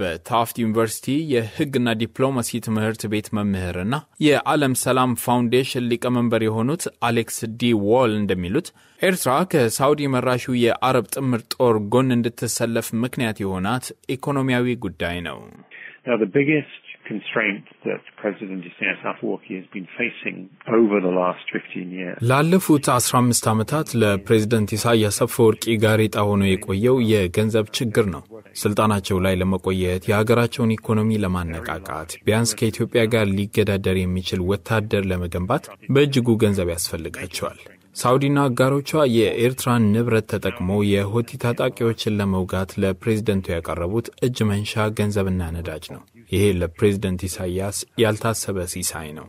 በታፍት ዩኒቨርሲቲ የህግና ዲፕሎማሲ ትምህርት ቤት መምህርና የዓለም ሰላም ፋውንዴሽን ሊቀመንበር የሆኑት አሌክስ ዲ ዎል እንደሚሉት ኤርትራ ከሳውዲ መራሹ የአረብ ጥምር ጦር ጎን እንድትሰለፍ ምክንያት የሆናት ኢኮኖሚያዊ ጉዳይ ነው። ላለፉት 15 ዓመታት ለፕሬዝደንት ኢሳያስ አፈወርቂ ጋሬጣ ሆኖ የቆየው የገንዘብ ችግር ነው። ስልጣናቸው ላይ ለመቆየት የሀገራቸውን ኢኮኖሚ ለማነቃቃት ቢያንስ ከኢትዮጵያ ጋር ሊገዳደር የሚችል ወታደር ለመገንባት በእጅጉ ገንዘብ ያስፈልጋቸዋል። ሳውዲና አጋሮቿ የኤርትራን ንብረት ተጠቅሞ የሆቲ ታጣቂዎችን ለመውጋት ለፕሬዝደንቱ ያቀረቡት እጅ መንሻ ገንዘብና ነዳጅ ነው። ይሄ ለፕሬዝደንት ኢሳያስ ያልታሰበ ሲሳይ ነው።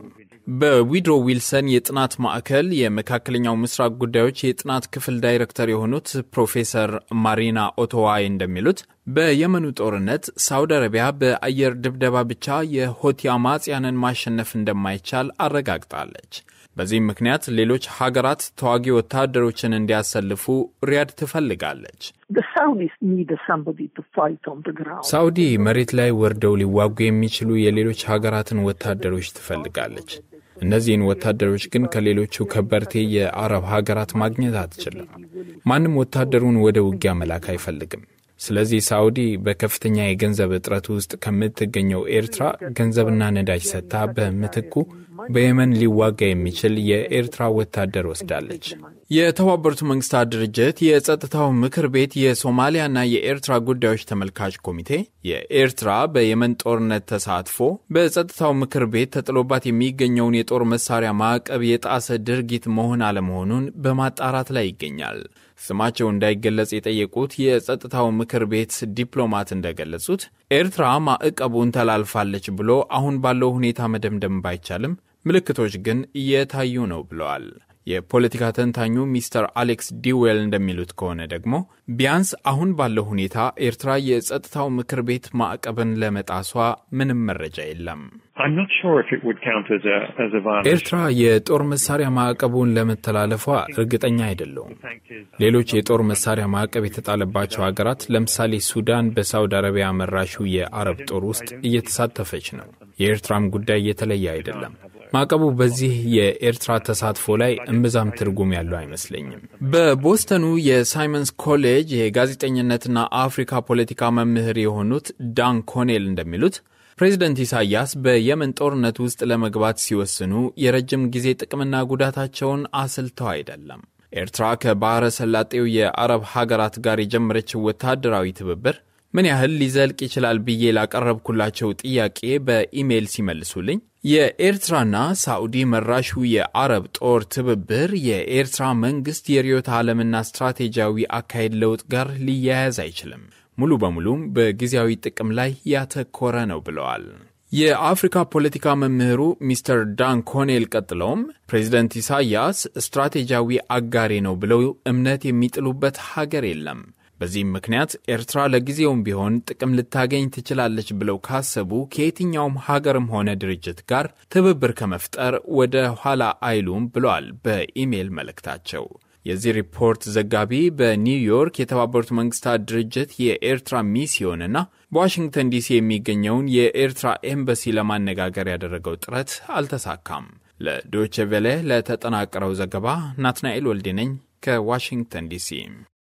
በዊድሮ ዊልሰን የጥናት ማዕከል የመካከለኛው ምስራቅ ጉዳዮች የጥናት ክፍል ዳይሬክተር የሆኑት ፕሮፌሰር ማሪና ኦቶዋይ እንደሚሉት በየመኑ ጦርነት ሳውዲ አረቢያ በአየር ድብደባ ብቻ የሆቲ አማጽያንን ማሸነፍ እንደማይቻል አረጋግጣለች። በዚህም ምክንያት ሌሎች ሀገራት ተዋጊ ወታደሮችን እንዲያሰልፉ ሪያድ ትፈልጋለች። ሳውዲ መሬት ላይ ወርደው ሊዋጉ የሚችሉ የሌሎች ሀገራትን ወታደሮች ትፈልጋለች። እነዚህን ወታደሮች ግን ከሌሎቹ ከበርቴ የአረብ ሀገራት ማግኘት አትችልም። ማንም ወታደሩን ወደ ውጊያ መላክ አይፈልግም። ስለዚህ ሳውዲ በከፍተኛ የገንዘብ እጥረት ውስጥ ከምትገኘው ኤርትራ ገንዘብና ነዳጅ ሰጥታ በምትኩ በየመን ሊዋጋ የሚችል የኤርትራ ወታደር ወስዳለች። የተባበሩት መንግስታት ድርጅት የጸጥታው ምክር ቤት የሶማሊያና የኤርትራ ጉዳዮች ተመልካች ኮሚቴ የኤርትራ በየመን ጦርነት ተሳትፎ በጸጥታው ምክር ቤት ተጥሎባት የሚገኘውን የጦር መሳሪያ ማዕቀብ የጣሰ ድርጊት መሆን አለመሆኑን በማጣራት ላይ ይገኛል። ስማቸው እንዳይገለጽ የጠየቁት የጸጥታው ምክር ቤት ዲፕሎማት እንደገለጹት ኤርትራ ማዕቀቡን ተላልፋለች ብሎ አሁን ባለው ሁኔታ መደምደም ባይቻልም ምልክቶች ግን እየታዩ ነው ብለዋል። የፖለቲካ ተንታኙ ሚስተር አሌክስ ዲዌል እንደሚሉት ከሆነ ደግሞ ቢያንስ አሁን ባለው ሁኔታ ኤርትራ የጸጥታው ምክር ቤት ማዕቀብን ለመጣሷ ምንም መረጃ የለም። ኤርትራ የጦር መሳሪያ ማዕቀቡን ለመተላለፏ እርግጠኛ አይደለውም። ሌሎች የጦር መሳሪያ ማዕቀብ የተጣለባቸው ሀገራት ለምሳሌ ሱዳን በሳውዲ አረቢያ መራሹ የአረብ ጦር ውስጥ እየተሳተፈች ነው። የኤርትራም ጉዳይ የተለየ አይደለም። ማዕቀቡ በዚህ የኤርትራ ተሳትፎ ላይ እምብዛም ትርጉም ያለው አይመስለኝም። በቦስተኑ የሳይመንስ ኮሌጅ የጋዜጠኝነትና አፍሪካ ፖለቲካ መምህር የሆኑት ዳን ኮኔል እንደሚሉት ፕሬዚደንት ኢሳያስ በየመን ጦርነት ውስጥ ለመግባት ሲወስኑ የረጅም ጊዜ ጥቅምና ጉዳታቸውን አስልተው አይደለም። ኤርትራ ከባሕረ ሰላጤው የአረብ ሀገራት ጋር የጀመረችው ወታደራዊ ትብብር ምን ያህል ሊዘልቅ ይችላል ብዬ ላቀረብኩላቸው ጥያቄ በኢሜይል ሲመልሱልኝ የኤርትራና ሳዑዲ መራሹ የአረብ ጦር ትብብር የኤርትራ መንግስት የርዕዮተ ዓለምና ስትራቴጂያዊ አካሄድ ለውጥ ጋር ሊያያዝ አይችልም፣ ሙሉ በሙሉም በጊዜያዊ ጥቅም ላይ ያተኮረ ነው ብለዋል። የአፍሪካ ፖለቲካ መምህሩ ሚስተር ዳን ኮኔል ቀጥለውም ፕሬዚደንት ኢሳያስ ስትራቴጂያዊ አጋሬ ነው ብለው እምነት የሚጥሉበት ሀገር የለም በዚህም ምክንያት ኤርትራ ለጊዜውም ቢሆን ጥቅም ልታገኝ ትችላለች ብለው ካሰቡ ከየትኛውም ሀገርም ሆነ ድርጅት ጋር ትብብር ከመፍጠር ወደ ኋላ አይሉም ብለዋል በኢሜይል መልእክታቸው። የዚህ ሪፖርት ዘጋቢ በኒውዮርክ የተባበሩት መንግስታት ድርጅት የኤርትራ ሚስዮንና በዋሽንግተን ዲሲ የሚገኘውን የኤርትራ ኤምባሲ ለማነጋገር ያደረገው ጥረት አልተሳካም። ለዶቼ ቬለ ለተጠናቀረው ዘገባ ናትናኤል ወልዴ ነኝ ከዋሽንግተን ዲሲ